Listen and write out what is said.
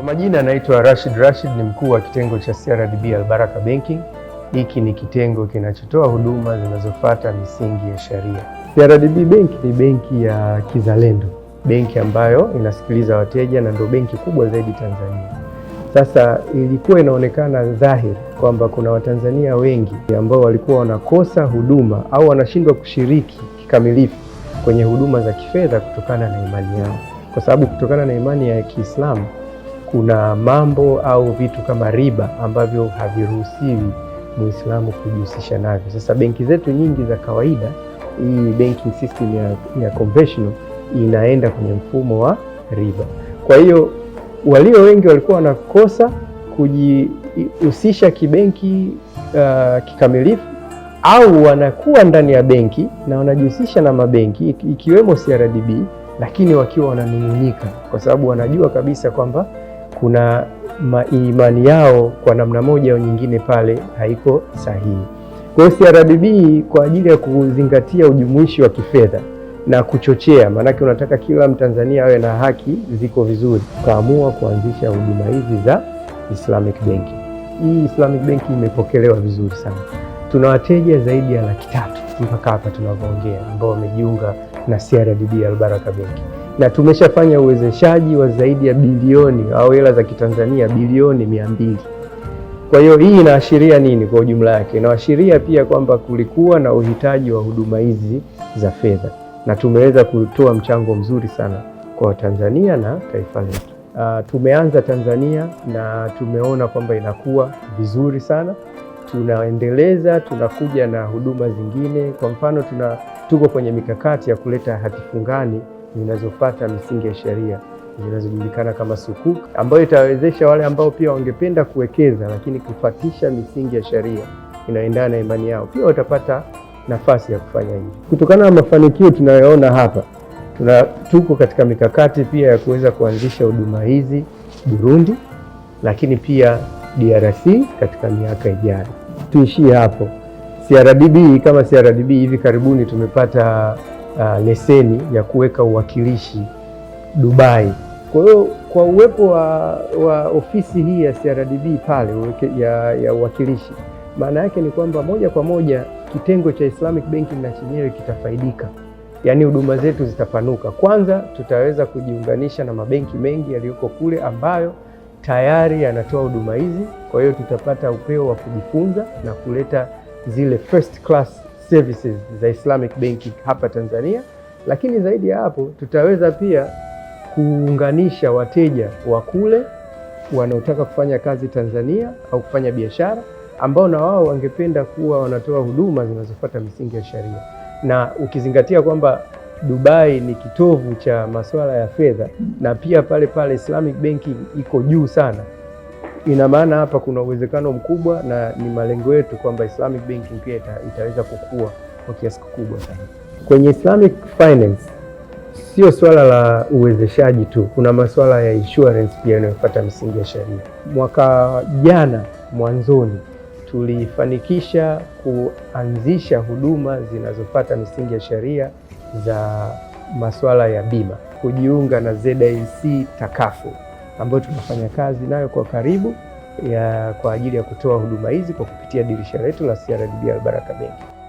Kwa majina anaitwa Rashid Rashid, ni mkuu wa kitengo cha CRDB Albaraka Banking. Hiki ni kitengo kinachotoa huduma zinazofuata misingi ya sharia. CRDB Bank ni benki ya kizalendo, benki ambayo inasikiliza wateja na ndio benki kubwa zaidi Tanzania. Sasa ilikuwa inaonekana dhahiri kwamba kuna Watanzania wengi ambao walikuwa wanakosa huduma au wanashindwa kushiriki kikamilifu kwenye huduma za kifedha kutokana na imani yao, kwa sababu kutokana na imani ya Kiislamu kuna mambo au vitu kama riba ambavyo haviruhusiwi Muislamu kujihusisha navyo. Sasa benki zetu nyingi za kawaida, hii banking system ya, ya conventional inaenda kwenye mfumo wa riba. Kwa hiyo walio wengi walikuwa wanakosa kujihusisha kibenki uh, kikamilifu au wanakuwa ndani ya benki na wanajihusisha na mabenki ikiwemo CRDB, lakini wakiwa wananung'unika kwa sababu wanajua kabisa kwamba kuna imani yao kwa namna moja au nyingine pale haiko sahihi. Kwa hiyo CRDB kwa ajili ya kuzingatia ujumuishi wa kifedha na kuchochea, maanake unataka kila Mtanzania awe na haki ziko vizuri, ukaamua kuanzisha huduma hizi za Islamic Bank. Hii Islamic Bank imepokelewa vizuri sana, tuna wateja zaidi ya laki tatu mpaka hapa tunavyoongea ambao wamejiunga na CRDB Albaraka Benki na tumeshafanya uwezeshaji wa zaidi ya bilioni au hela za Kitanzania bilioni mia mbili. Kwa hiyo hii inaashiria nini kwa ujumla yake? Inaashiria pia kwamba kulikuwa na uhitaji wa huduma hizi za fedha na tumeweza kutoa mchango mzuri sana kwa tanzania na taifa letu. Uh, tumeanza Tanzania na tumeona kwamba inakuwa vizuri sana, tunaendeleza, tunakuja na huduma zingine. Kwa mfano tuna, tuko kwenye mikakati ya kuleta hatifungani zinazofuata misingi ya sheria zinazojulikana kama sukuk, ambayo itawawezesha wale ambao pia wangependa kuwekeza lakini kufuatisha misingi ya sheria inayoendana na imani yao, pia watapata nafasi ya kufanya hivi. Kutokana na mafanikio tunayoona hapa, tuna tuko katika mikakati pia ya kuweza kuanzisha huduma hizi Burundi, lakini pia DRC katika miaka ijayo. Tuishie hapo. CRDB kama CRDB, hivi karibuni tumepata uh, leseni ya kuweka uwakilishi Dubai. Kwa hiyo kwa uwepo wa, wa ofisi hii ya CRDB pale ya, ya uwakilishi, maana yake ni kwamba moja kwa moja kitengo cha Islamic Banking na chenyewe kitafaidika, yaani huduma zetu zitapanuka. Kwanza tutaweza kujiunganisha na mabenki mengi yaliyoko kule ambayo tayari yanatoa huduma hizi, kwa hiyo tutapata upeo wa kujifunza na kuleta zile first class services za Islamic Banking hapa Tanzania, lakini zaidi ya hapo tutaweza pia kuunganisha wateja wa kule wanaotaka kufanya kazi Tanzania au kufanya biashara ambao na wao wangependa kuwa wanatoa huduma zinazofuata misingi ya sharia, na ukizingatia kwamba Dubai ni kitovu cha masuala ya fedha na pia pale pale Islamic Banking iko juu sana. Ina maana hapa kuna uwezekano mkubwa na ni malengo yetu kwamba Islamic banking pia ita, itaweza kukua kwa kiasi kikubwa sana. Kwenye Islamic finance sio swala la uwezeshaji tu, kuna masuala ya insurance pia yanayofuata msingi ya sheria Mwaka jana mwanzoni tulifanikisha kuanzisha huduma zinazofuata misingi ya sheria za masuala ya bima, kujiunga na ZIC Takafu ambayo tunafanya kazi nayo kwa karibu ya kwa ajili ya kutoa huduma hizi kwa kupitia dirisha letu la CRDB Al Baraka Bank.